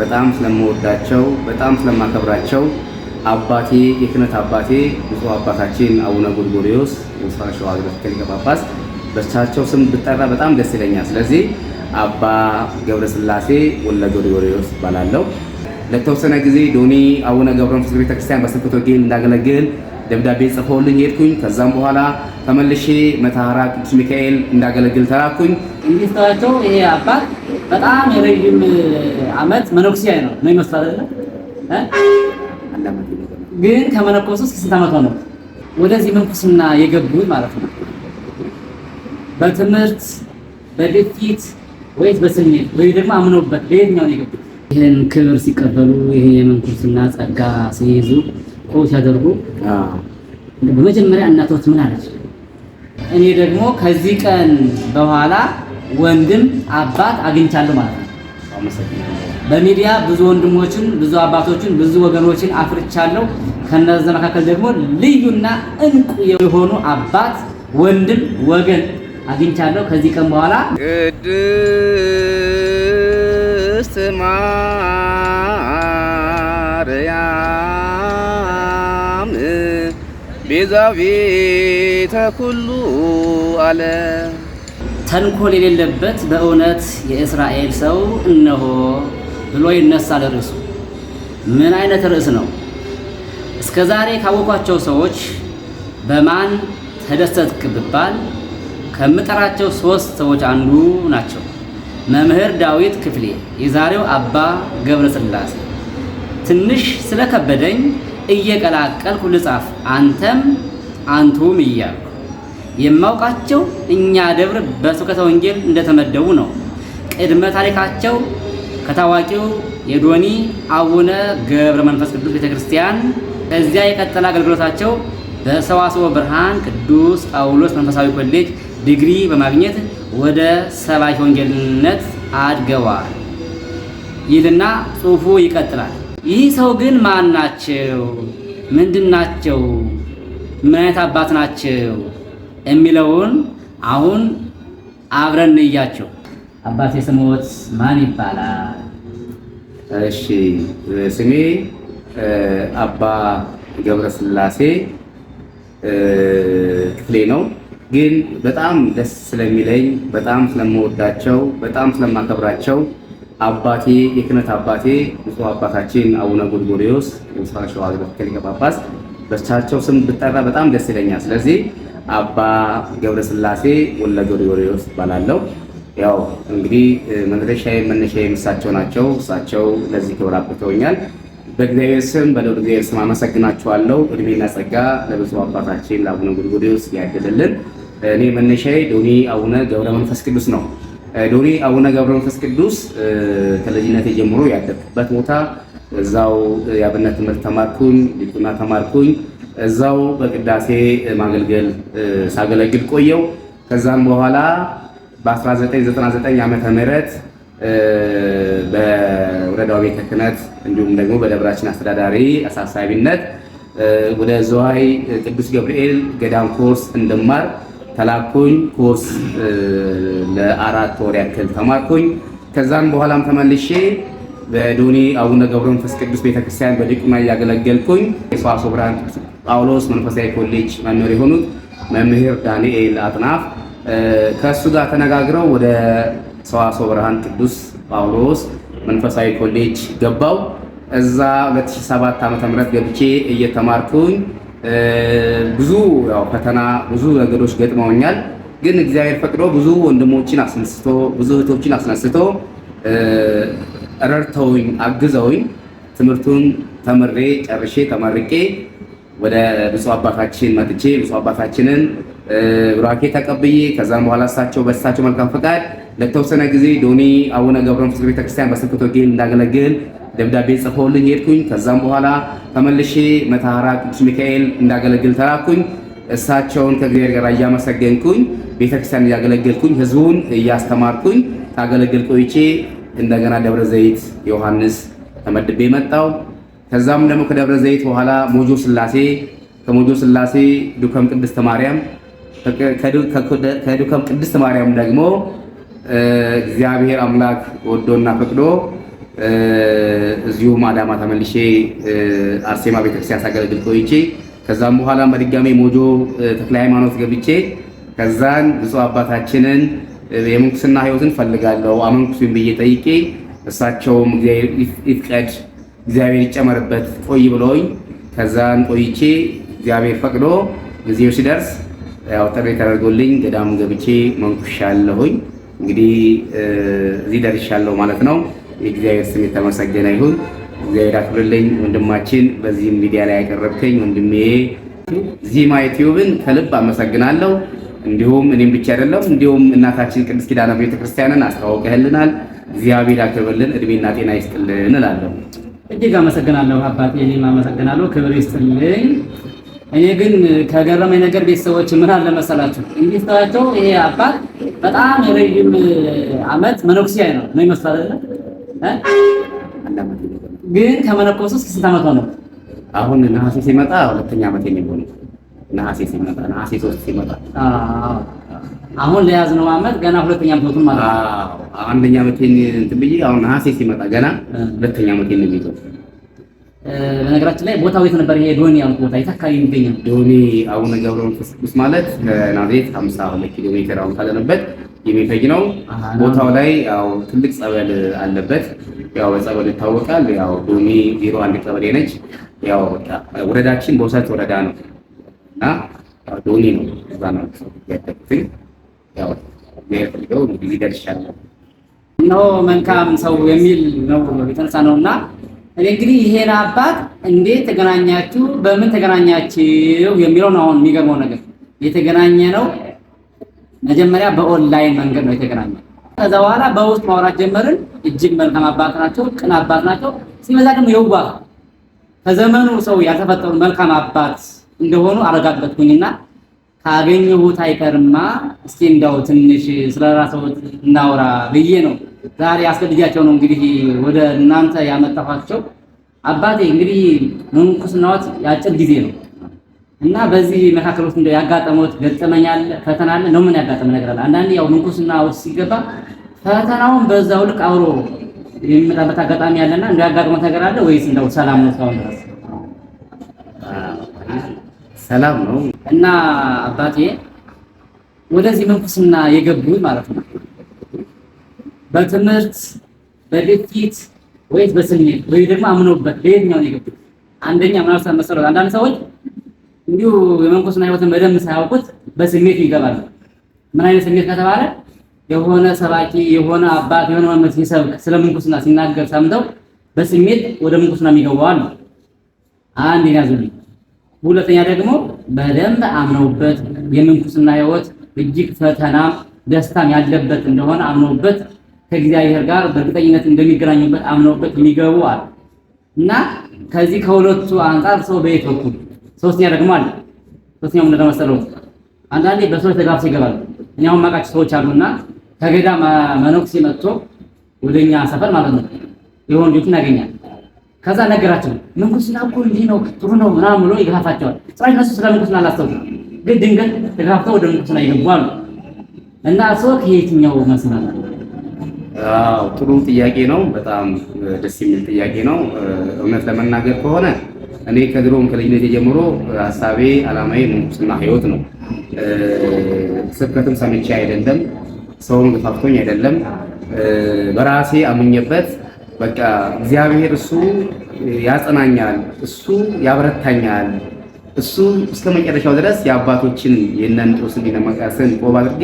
በጣም ስለምወዳቸው በጣም ስለማከብራቸው አባቴ የክህነት አባቴ ብፁዕ አባታችን አቡነ ጎርጎርዮስ የምስራቅ ሸዋ ሀገረ ሊቀ ጳጳስ በሳቸው ስም ብጠራ በጣም ደስ ይለኛል። ስለዚህ አባ ገብረስላሴ ወለ ጎርጎርዮስ እባላለሁ። ለተወሰነ ጊዜ ዶኒ አቡነ ገብረ መንፈስ ቤተክርስቲያን በስብከተ ወንጌል እንዳገለግል ደብዳቤ ጽፈውልኝ ሄድኩኝ። ከዛም በኋላ ተመልሼ መተሐራ ቅዱስ ሚካኤል እንዳገለግል ተላኩኝ። እንዲስተዋቸው ይሄ አባት በጣም የረዥም አመት መነኩሴ ነው ነው ይመስላል አይደል? ግን ከመነኮሱ እስከ ስንት ዓመት ሆነው ወደዚህ መንኩስና የገቡት ማለት ነው? በትምህርት በድፊት ወይስ በስሜት ወይ ደግሞ አምነውበት በየትኛው ነው የገቡት? ይህን ክብር ሲቀበሉ ይሄ የመንኩስና ጸጋ ሲይዙ ቆው ሲያደርጉ በመጀመሪያ እናቶት ምን አለች? እኔ ደግሞ ከዚህ ቀን በኋላ ወንድም አባት አግኝቻለሁ ማለት ነው። በሚዲያ ብዙ ወንድሞችን፣ ብዙ አባቶችን፣ ብዙ ወገኖችን አፍርቻለሁ። ከነዛ መካከል ደግሞ ልዩና እንቁ የሆኑ አባት፣ ወንድም፣ ወገን አግኝቻለሁ። ከዚህ ቀን በኋላ ቅድስት ማርያም ቤዛቤተ ኩሉ ዓለም ተንኮል የሌለበት በእውነት የእስራኤል ሰው እነሆ ብሎ ይነሳል። ርዕሱ ምን አይነት ርዕስ ነው? እስከ ዛሬ ካወቋቸው ሰዎች በማን ተደሰትክ ብባል ከምጠራቸው ሶስት ሰዎች አንዱ ናቸው። መምህር ዳዊት ክፍሌ፣ የዛሬው አባ ገብረ ስላሴ። ትንሽ ስለከበደኝ እየቀላቀልኩ ልጻፍ አንተም አንቱም እያሉ የማውቃቸው እኛ ደብር በስብከተ ወንጌል እንደተመደቡ ነው። ቅድመ ታሪካቸው ከታዋቂው የዶኒ አቡነ ገብረ መንፈስ ቅዱስ ቤተክርስቲያን፣ ከዚያ የቀጠለ አገልግሎታቸው በሰዋስወ ብርሃን ቅዱስ ጳውሎስ መንፈሳዊ ኮሌጅ ዲግሪ በማግኘት ወደ ሰባኪ ወንጌልነት አድገዋል ይልና ጽሑፉ ይቀጥላል። ይህ ሰው ግን ማን ናቸው? ምንድን ናቸው? ምን አይነት አባት ናቸው? የሚለውን አሁን አብረን እንያቸው። አባቴ ስሞት ማን ይባላል? እሺ ስሜ አባ ገብረስላሴ ክፍሌ ነው። ግን በጣም ደስ ስለሚለኝ በጣም ስለምወዳቸው በጣም ስለማከብራቸው አባቴ የክህነት አባቴ ብፁዕ አባታችን አቡነ ጎርጎርዮስ የምስራቅ ሸዋ ሊቀ ጳጳስ በእሳቸው ስም ብጠራ በጣም ደስ ይለኛል። ስለዚህ አባ ገብረስላሴ ወልደ ጎርጎርዮስ እባላለሁ። ያው እንግዲህ መነሻዬ መነሻዬም እሳቸው ናቸው። እሳቸው ለዚህ ክብር አብቅተውኛል። በእግዚአብሔር ስም በልዑል እግዚአብሔር ስም አመሰግናችኋለሁ። እድሜና ጸጋ ለብፁዕ አባታችን ለአቡነ ጎርጎርዮስ ያደለልን። እኔ መነሻዬ ዶኒ አቡነ ገብረ መንፈስ ቅዱስ ነው። ዶኒ አቡነ ገብረ መንፈስ ቅዱስ ከልጅነቴ ጀምሮ ያደግኩበት ቦታ እዛው የአብነት ትምህርት ተማርኩኝ፣ ዲቁና ተማርኩኝ። እዛው በቅዳሴ ማገልገል ሳገለግል ቆየው። ከዛም በኋላ በ1999 ዓመተ ምህረት በወረዳው ቤተ ክህነት እንዲሁም ደግሞ በደብራችን አስተዳዳሪ አሳሳቢነት ወደ ዘዋይ ቅዱስ ገብርኤል ገዳም ኮርስ እንድማር ተላኩኝ። ኮርስ ለአራት ወር ያክል ተማርኩኝ። ከዛም በኋላም ተመልሼ በዶኒ አቡነ ገብረ መንፈስ ቅዱስ ቤተክርስቲያን በዲቁና እያገለገልኩኝ የሰዋስወ ብርሃን ጳውሎስ መንፈሳዊ ኮሌጅ መምህር የሆኑት መምህር ዳንኤል አጥናፍ ከእሱ ጋር ተነጋግረው ወደ ሰዋስወ ብርሃን ቅዱስ ጳውሎስ መንፈሳዊ ኮሌጅ ገባው። እዛ 2007 ዓ ገብቼ እየተማርኩኝ ብዙ ያው ፈተና ብዙ ነገሮች ገጥመውኛል። ግን እግዚአብሔር ፈቅዶ ብዙ ወንድሞችን አስነስቶ ብዙ እህቶችን አስነስቶ ረድተውኝ አግዘውኝ ትምህርቱን ተምሬ ጨርሼ ተመርቄ ወደ ብፁ አባታችን መጥቼ ብፁ አባታችንን ብራኬ ተቀብዬ ከዛም በኋላ እሳቸው በእሳቸው መልካም ፈቃድ ለተወሰነ ጊዜ ዶኒ አቡነ ገብረ መንፈስ ቤተክርስቲያን በስብከተ ወንጌል እንዳገለግል ደብዳቤ ጽፈውልኝ ሄድኩኝ። ከዛም በኋላ ተመልሼ መተሐራ ቅዱስ ሚካኤል እንዳገለግል ተላኩኝ። እሳቸውን ከእግዚአብሔር ጋር እያመሰገንኩኝ ቤተክርስቲያን እያገለገልኩኝ ህዝቡን እያስተማርኩኝ ታገለግል ቆይቼ እንደገና ደብረ ዘይት ዮሐንስ ተመድቤ መጣው። ከዛም ደግሞ ከደብረ ዘይት በኋላ ሞጆ ስላሴ፣ ከሞጆ ስላሴ ዱከም ቅድስተ ማርያም፣ ከዱከም ቅድስተ ማርያም ደግሞ እግዚአብሔር አምላክ ወዶና ፈቅዶ እዚሁም አዳማ ተመልሼ አርሴማ ቤተክርስቲያን ሳገለግል ቆይቼ ከዛም በኋላ በድጋሜ ሞጆ ተክለ ሃይማኖት ገብቼ ከዛን ብፁዕ አባታችንን የምንኩስና ህይወትን ፈልጋለሁ አመንኩስን ብዬ ጠይቄ እሳቸውም ይፍቀድ እግዚአብሔር ይጨመርበት ቆይ ብሎኝ ከዛን ቆይቼ እግዚአብሔር ፈቅዶ ጊዜው ሲደርስ ያው ጥሪ ተደርጎልኝ ገዳም ገብቼ መንኩሻለሁኝ። እንግዲህ እዚህ ደርሻለሁ ማለት ነው። የእግዚአብሔር ስም የተመሰገነ ይሁን። እግዚአብሔር አክብርልኝ። ወንድማችን በዚህም ሚዲያ ላይ ያቀረብከኝ ወንድሜ ዚማ ዩቲዩብን ከልብ አመሰግናለሁ። እንዲሁም እኔም ብቻ አይደለም፣ እንዲሁም እናታችን ቅድስት ኪዳነ ቤተክርስቲያንን አስተዋውቀህልናል። እግዚአብሔር ያክብርልን፣ እድሜና ጤና ይስጥልን እላለሁ። እጅግ አመሰግናለሁ አባቴ። እኔም አመሰግናለሁ፣ ክብር ይስጥልኝ። እኔ ግን ከገረመኝ ነገር ቤተሰቦች ምን አለ መሰላችሁ፣ እንዲህ ይሄ አባት በጣም የረዥም አመት መነኩሴ ነው ነው ይመስላል አይደል? ግን ከመነኮሱ እስከ ስንት አመት ነው? አሁን ነሐሴ ሲመጣ ሁለተኛ አመት የሚሆነው ነሐሴ ሲመጣ ነሐሴ ሶስት ሲመጣ አሁን ለያዝነው ዓመት ገና ሁለተኛ ዓመቱን ማለት ነው። አንደኛ ዓመቴን እንትን ብዬ አሁን ነሐሴ ሲመጣ ገና ሁለተኛ ዓመቴን ነው የሚይዘው። በነገራችን ላይ ቦታው የት ነበር? ይሄ ዶኒ ያልኩህ ቦታ የት አካባቢ የሚገኝ ዶኒ አቡነ ገብረ መንፈስ ቅዱስ ማለት ናዝሬት 52 ኪሎ ሜትር አሁን ካለንበት የሚፈጅ ነው። ቦታው ላይ ያው ትልቅ ጸበል አለበት። ያው በጸበል ይታወቃል። ያው ዶኒ ዜሮ አንድ ቀበሌ ነች። ያው ወረዳችን በውሰት ወረዳ ነው። እና ዶኒ ነው እዛ ነው ያደጉትኝ። ያው ፈልገው እንግዲህ ደርሻለሁ። እነሆ መልካም ሰው የሚል ነው የተነሳ ነው እና እኔ እንግዲህ ይሄን አባት እንዴት ተገናኛችሁ፣ በምን ተገናኛችሁ የሚለው ነው አሁን የሚገርመው ነገር። የተገናኘ ነው መጀመሪያ በኦንላይን መንገድ ነው የተገናኘ። ከዛ በኋላ በውስጥ ማውራት ጀመርን። እጅግ መልካም አባት ናቸው፣ ቅን አባት ናቸው። ሲበዛ ደግሞ የዋህ ከዘመኑ ሰው ያልተፈጠሩ መልካም አባት እንደሆኑ አረጋገጥኩኝና ካገኘሁት አይቀርማ እስኪ እንደው ትንሽ ስለ ስለራስዎት እናውራ ብዬ ነው ዛሬ አስገድጃቸው ነው እንግዲህ ወደ እናንተ ያመጣኋቸው። አባቴ እንግዲህ ምንኩስናዎት የአጭር ጊዜ ነው እና በዚህ መካከል ውስጥ እንደው ያጋጠመዎት ገጠመኝ አለ? ፈተና አለ? ነው ምን ያጋጠመ ነገር አለ? አንዳንዴ ያው ምንኩስና ውስጥ ሲገባ ፈተናውን በዛው ልክ አውሮ የሚመጣበት አጋጣሚ አለና እንደው ያጋጥሞት ነገር አለ ወይስ እንደው ሰላም ነው እስካሁን ድረስ? ሰላም ነው እና አባቴ ወደዚህ መንፈስና የገቡ ማለት ነው በትምህርት በድፊት ወይስ በስሜት ወይ ደግሞ አምነውበት በየትኛው ነው የገቡት? አንደኛ ምናልባት መሰለው አንዳንድ ሰዎች እንዲሁ የመንኩስና ህይወትን በደንብ ሳያውቁት በስሜት ይገባሉ። ምን አይነት ስሜት ከተባለ የሆነ ሰባኪ የሆነ አባት የሆነ መምህር ሲሰብክ ስለ ምንኩስና ሲናገር ሰምተው በስሜት ወደ ምንኩስና የሚገባዋል። አንድ ያዙልኝ ሁለተኛ ደግሞ በደንብ አምነውበት የምንኩስና ህይወት እጅግ ፈተናም ደስታም ያለበት እንደሆነ አምነውበት ከእግዚአብሔር ጋር በእርግጠኝነት እንደሚገናኙበት አምነውበት የሚገቡ አለ እና ከዚህ ከሁለቱ አንጻር ሰው በየት በኩል ሶስተኛ ደግሞ አለ። ሶስተኛው ምን አንዳንዴ በሰዎች ተጋብቶ ይገባል። እኔ አሁን የማውቃቸው ሰዎች አሉና ከገዳ መነኩሴ መጥቶ ወደኛ ሰፈር ማለት ነው የሆነ ልጅ ያገኛል። ከዛ ነገራቸው ንጉስና እኮ እንዲህ ነው ጥሩ ነው ምናምን ብሎ ይገፋፋቸዋል። ጭራሽ እነሱ ስለ ንጉስና አላስተውሉም፣ ግን ድንገት ተገፋፍተው ወደ ንጉስና ይገባሉ። እና ሰው ከየትኛው መስመር? አዎ ጥሩ ጥያቄ ነው። በጣም ደስ የሚል ጥያቄ ነው። እውነት ለመናገር ከሆነ እኔ ከድሮም ከልጅነት ጀምሮ ሀሳቤ አላማዬ ምንኩስና ህይወት ነው። ስብከትም ሰምቼ አይደለም፣ ሰውን ገፋፍቶኝ አይደለም፣ በራሴ አምኜበት በቃ እግዚአብሔር እሱ ያጸናኛል፣ እሱ ያበረታኛል፣ እሱ እስከ መጨረሻው ድረስ የአባቶችን የእናንጦስን ዲነማቃስን ቆብ አድርጌ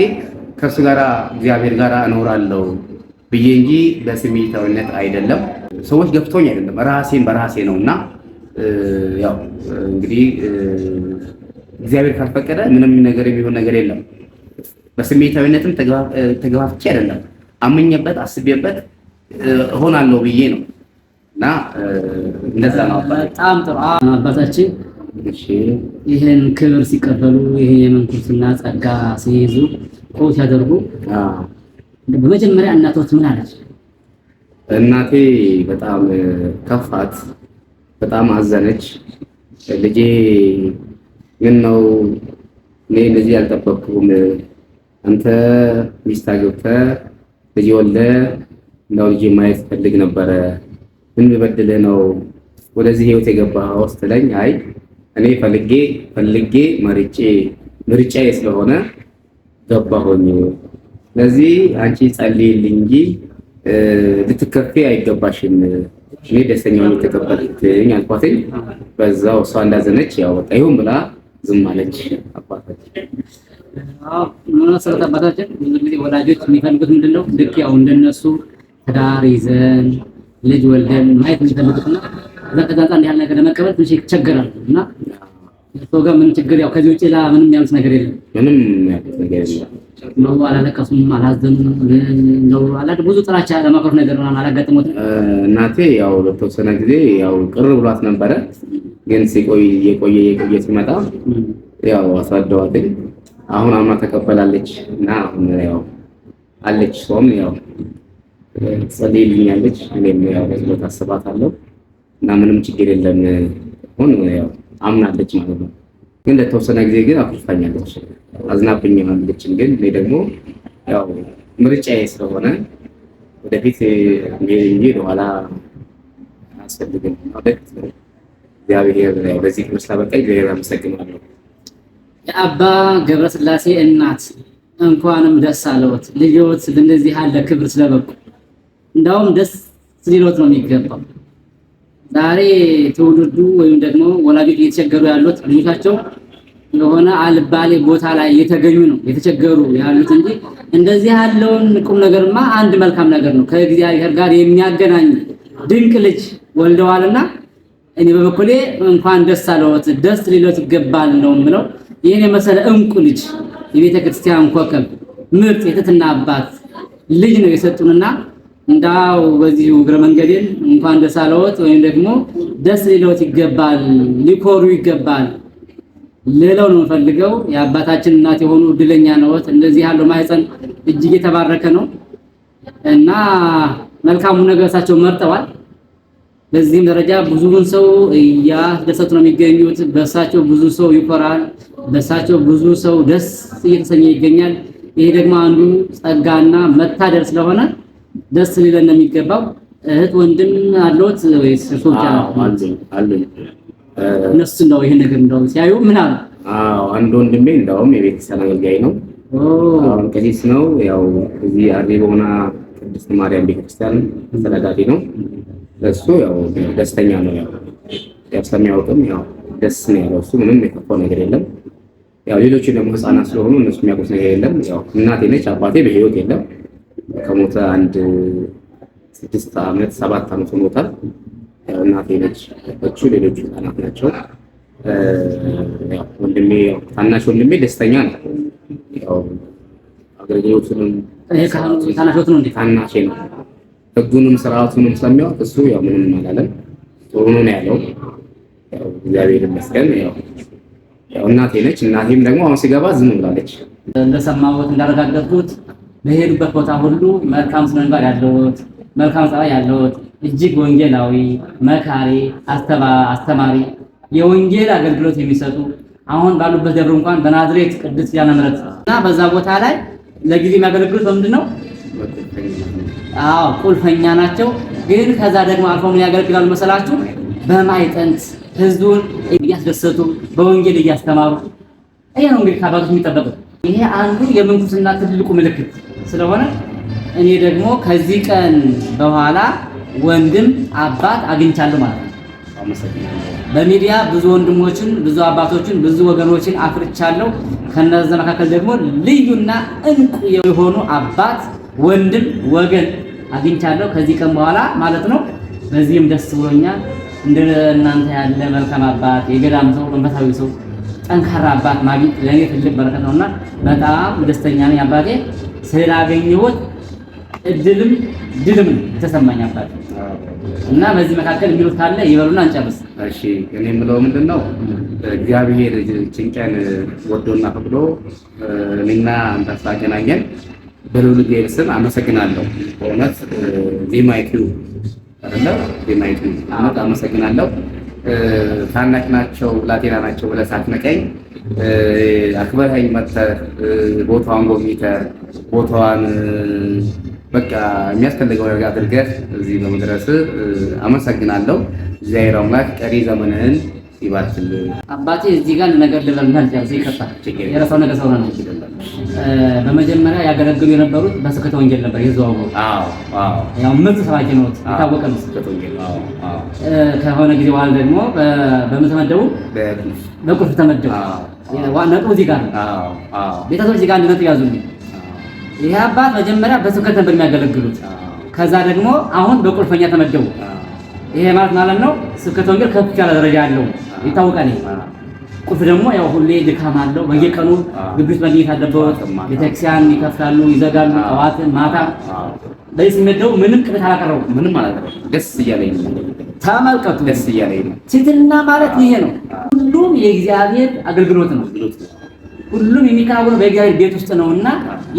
ከእሱ ጋር እግዚአብሔር ጋር እኖራለሁ ብዬ እንጂ በስሜታዊነት አይደለም። ሰዎች ገፍቶኝ አይደለም፣ ራሴን በራሴ ነው እና ያው እንግዲህ እግዚአብሔር ካልፈቀደ ምንም ነገር የሚሆን ነገር የለም። በስሜታዊነትም ተገፋፍቼ አይደለም፣ አምኜበት አስቤበት እሆናለሁ ብዬ ነው እና እንደዛ ነው። በጣም ጥሩ አባታችን። ይህን ክብር ሲቀበሉ ይሄ የምንኩስና ጸጋ ሲይዙ ቆ ሲያደርጉ በመጀመሪያ እናቶት ምን አለች? እናቴ በጣም ከፋት፣ በጣም አዘነች። ልጄ ምን ነው እኔ እንደዚህ ያልጠበቅኩም አንተ ሚስት አግብተህ ልጅ ወልደህ እንደው ልጅ ማየት ፈልግ ነበረ ምን በድልህ ነው ወደዚህ ህይወት የገባ የገባኸው ስትለኝ፣ አይ እኔ ፈልጌ ፈልጌ መርጬ ምርጫዬ ስለሆነ ገባሁኝ። ስለዚህ አንቺ ጸልይልኝ እንጂ ልትከፊ አይገባሽም። እኔ ደስተኛውን የተቀበልትኝ አልኳትኝ። በዛው እሷ እንዳዘነች ያው በቃ ይሁን ብላ ዝም አለች። አባታችን ስለተባታችን ብዙ ጊዜ ወላጆች የሚፈልጉት ምንድን ነው ልክ ያው እንደነሱ ትዳር ይዘን ልጅ ወልደን ማየት የምንፈልግና እዛ ከዛ አንድ ያህል ነገር ለመቀበል ትንሽ ይቸገራል እና እርሶ ጋር ምን ችግር ያው ከዚህ ውጭ ላ ምንም ያሉት ነገር የለም። ምንም ያሉት ነገር የለም ነው። አላለቀሱም፣ አላዘኑም። ነው አላድ ብዙ ጥላቻ ለማክረፍ ነገር ነው አላጋጥሞት። እናቴ ያው ለተወሰነ ጊዜ ያው ቅር ብሏት ነበረ፣ ግን ሲቆይ የቆየ የቆየ ሲመጣ ያው አስረዳዋትኝ። አሁን አማ ተቀበላለች እና አሁን ያው አለች ሶም ያው ጸልይልኛለች። እኔም ያው በጸሎት አስባታለሁ እና ምንም ችግር የለም ሆን ያው አምናለች ማለት ነው። ግን ለተወሰነ ጊዜ ግን አኩርፋኛለች፣ ማለችም ግን እኔ ደግሞ ያው ምርጫዬ ስለሆነ ወደፊት ሄድ እንጂ ወደኋላ አያስፈልግም። ወደፊት እግዚአብሔር በዚህ ክብር ስላበቃኝ እግዚአብሔር አመሰግናለሁ። የአባ ገብረስላሴ እናት እንኳንም ደስ አለዎት ልጆት ለእንደዚህ ያለ ክብር ስለበቁ እንዳውም ደስ ሊሎት ነው የሚገባው። ዛሬ ትውልዱ ወይም ደግሞ ወላጆች እየተቸገሩ ያሉት ልጆቻቸው የሆነ አልባሌ ቦታ ላይ እየተገኙ ነው የተቸገሩ ያሉት እንጂ እንደዚህ ያለውን ቁም ነገርማ አንድ መልካም ነገር ነው፣ ከእግዚአብሔር ጋር የሚያገናኝ ድንቅ ልጅ ወልደዋልና እኔ በበኩሌ እንኳን ደስ አለዎት፣ ደስ ሊሎት ይገባል ነው የምለው። ይህን የመሰለ እንቁ ልጅ የቤተክርስቲያን ኮከብ ምርጥ የትትና አባት ልጅ ነው የሰጡንና እንዳው በዚህ እግረ መንገዴን እንኳን ደስ አለዎት፣ ወይም ደግሞ ደስ ሊለዎት ይገባል፣ ሊኮሩ ይገባል ሌላው ነው የምፈልገው። የአባታችን እናት የሆኑ እድለኛ ነዎት። እንደዚህ ያለው ማህፀን እጅግ የተባረከ ነው እና መልካሙ ነገር እሳቸው መርጠዋል። በዚህም ደረጃ ብዙውን ሰው እያስደሰቱ ነው የሚገኙት። በእሳቸው ብዙ ሰው ይኮራል፣ በእሳቸው ብዙ ሰው ደስ እየተሰኘ ይገኛል። ይሄ ደግሞ አንዱ ጸጋና መታደር ስለሆነ ደስ ሊለን ነው የሚገባው። እህት ወንድም አለዎት ወይስ እርሶ ብቻ አሉኝ? እነሱ ነው ይሄ ነገር እንደው ሲያዩ ምን አሉ? አዎ አንድ ወንድሜ እንደውም የቤተሰብ አገልጋይ ነው፣ አሁን ቀሲስ ነው። ያው እዚህ አሪቦና ቅድስት ማርያም ቤተክርስቲያን ተዳዳሪ ነው። እሱ ያው ደስተኛ ነው። ያው ያው ስለሚያውቅም ያው ደስ ነው ያለው እሱ ምንም የከፋው ነገር የለም። ያው ሌሎቹ ደግሞ ህፃናት ስለሆኑ እነሱ የሚያውቁት ነገር የለም። ያው እናቴ ነች፣ አባቴ በህይወት የለም ከሞተ አንድ ስድስት ዓመት ሰባት ዓመት ሆኖታል። እናቴ ነች እቹ ሌሎቹ ህጻናት ናቸው። ወንድሜ ታናሽ ወንድሜ ደስተኛ ነው። አገልግሎቱንም ታናሽ ነው። ህጉንም ስርዓቱንም ስለሚያውቅ እሱ ያው ምንም አላለም። ጥሩ ነው ያለው። እግዚአብሔር ይመስገን። ያው እናቴ ነች። እናቴም ደግሞ አሁን ሲገባ ዝም ብላለች። እንደሰማሁት እንዳረጋገጥኩት በሄዱበት ቦታ ሁሉ መልካም ስነ ምግባር መልካም ጸባይ ያለውት እጅግ ወንጌላዊ መካሪ፣ አስተማሪ፣ የወንጌል አገልግሎት የሚሰጡ አሁን ባሉበት ደብር እንኳን በናዝሬት ቅድስት ኪዳነ ምሕረት እና በዛ ቦታ ላይ ለጊዜ የሚያገለግሉት በምንድን ነው? አዎ ቁልፈኛ ናቸው። ግን ከዛ ደግሞ አልፎ ምን ያገለግላሉ መሰላችሁ? በማይጠንት ህዝቡን እያስደሰቱ በወንጌል እያስተማሩ ይሄ ነው እንግዲህ ከአባቶች የሚጠበቀው። ይሄ አንዱ የምንኩስና ትልቁ ምልክት ስለሆነ እኔ ደግሞ ከዚህ ቀን በኋላ ወንድም አባት አግኝቻለሁ ማለት ነው። በሚዲያ ብዙ ወንድሞችን፣ ብዙ አባቶችን፣ ብዙ ወገኖችን አፍርቻለሁ። ከነዛ መካከል ደግሞ ልዩና እንቁ የሆኑ አባት፣ ወንድም፣ ወገን አግኝቻለሁ ከዚህ ቀን በኋላ ማለት ነው። በዚህም ደስ ብሎኛል። እንደ እናንተ ያለ መልካም አባት፣ የገዳም ሰው፣ መንፈሳዊ ሰው፣ ጠንካራ አባት ማግኘት ለእኔ ትልቅ በረከት ነውና በጣም ደስተኛ ነኝ አባቴ ስላገኘሁት እድልም ድልም የተሰማኝ አባት እና በዚህ መካከል የሚሉት ካለ ይበሉና እንጨርስ። እሺ እኔ የምለው ምንድን ነው እግዚአብሔር ጭንቀን ወዶና ፈቅዶ እኔና አንተ አገናኘን። በልዑል እግዚአብሔር ስም አመሰግናለሁ። በእውነት ዜማይቱ አይደለ ዜማይቱ አመት አመሰግናለሁ። ታናሽ ናቸው ብላቴና ናቸው ብለህ ሳትነቀኝ አክብረኸኝ መጥተህ ቦታውን ጎብኝተህ ቦታዋን በቃ የሚያስፈልገው ነገር አድርገህ እዚህ በመድረስ አመሰግናለሁ። እግዚአብሔር አምላክ ቀሪ ዘመንህን ይባርክል። አባቴ እዚህ ጋር ነገር ልበልናል ያዘ ይከፋል። የረሳው ነገር ሰው ነው። በመጀመሪያ ያገለግሉ የነበሩት በስብከተ ወንጌል ነበር የዘዋወሩ። አዎ አዎ፣ ያው ምርጥ ሰባኪ ነው የታወቀ ነው ስብከተ ወንጌል። አዎ አዎ። ከሆነ ጊዜ በኋላ ደግሞ በመተመደቡ በቁልፍ ተመደቡ። ዋናው እዚህ ጋር ነው። አዎ አዎ። ቤተሰቦች እዚህ ጋር አንድነቱ ያዙልኝ ይሄ አባት መጀመሪያ በስብከት ነበር የሚያገለግሉት። ከዛ ደግሞ አሁን በቁልፈኛ ተመደቡ። ይሄ ማለት ማለት ነው ስብከት ወንጌል ከፍ ያለ ደረጃ ያለው ይታወቃል። ቁልፍ ደግሞ ያው ሁሌ ድካም አለው። በየቀኑ ግብት መግኘት አለበት። ቤተክርስቲያን ይከፍታሉ፣ ይዘጋሉ፣ ጠዋትን ማታ። ለዚህ ሲመደቡ ምንም ቅሬታ አላቀረቡም። ምንም አላቀረቡም። ደስ እያለኝ ተመልከቱ። ደስ እያለኝ ትህትና ማለት ይሄ ነው። ሁሉም የእግዚአብሔር አገልግሎት ነው። ሁሉም የሚከናወነው በእግዚአብሔር ቤት ውስጥ ነው እና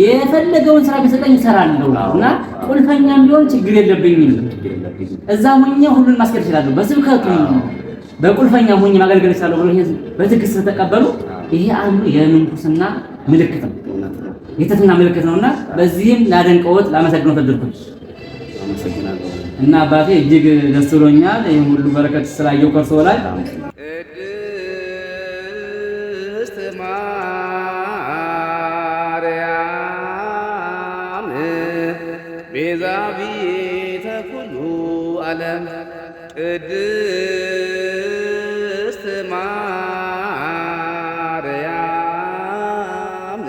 የፈለገውን ስራ ቢሰጠኝ እሰራለሁ እና ቁልፈኛም ቢሆን ችግር የለብኝም። እዛ ሆኜ ሁሉን ማስኬድ እችላለሁ። በስብከቱ በቁልፈኛ ሆኜ ማገልገል እችላለሁ ብሎ በትዕግስት ተቀበሉ። ይሄ አንዱ የምንኩስና ምልክት ነው፣ የትህትና ምልክት ነውና በዚህም ላደንቀዎት ላመሰግነው ተደርኩት እና አባቴ እጅግ ደስ ብሎኛል። ይህም ሁሉ በረከት ስላየው ከርሶ ላይ ዓለም ቅድስት ማርያም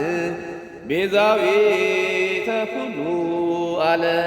ቤዛዊተ ኩሉ ዓለም